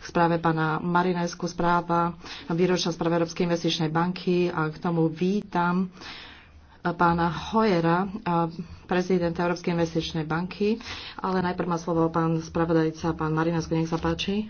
k správe pána Marinesku, správa výročná správa Európskej investičnej banky a k tomu vítam eh, pána Hojera, eh, prezidenta Európskej investičnej banky. Ale najprv má slovo pán spravodajca, pán Marinesko, nech sa páči.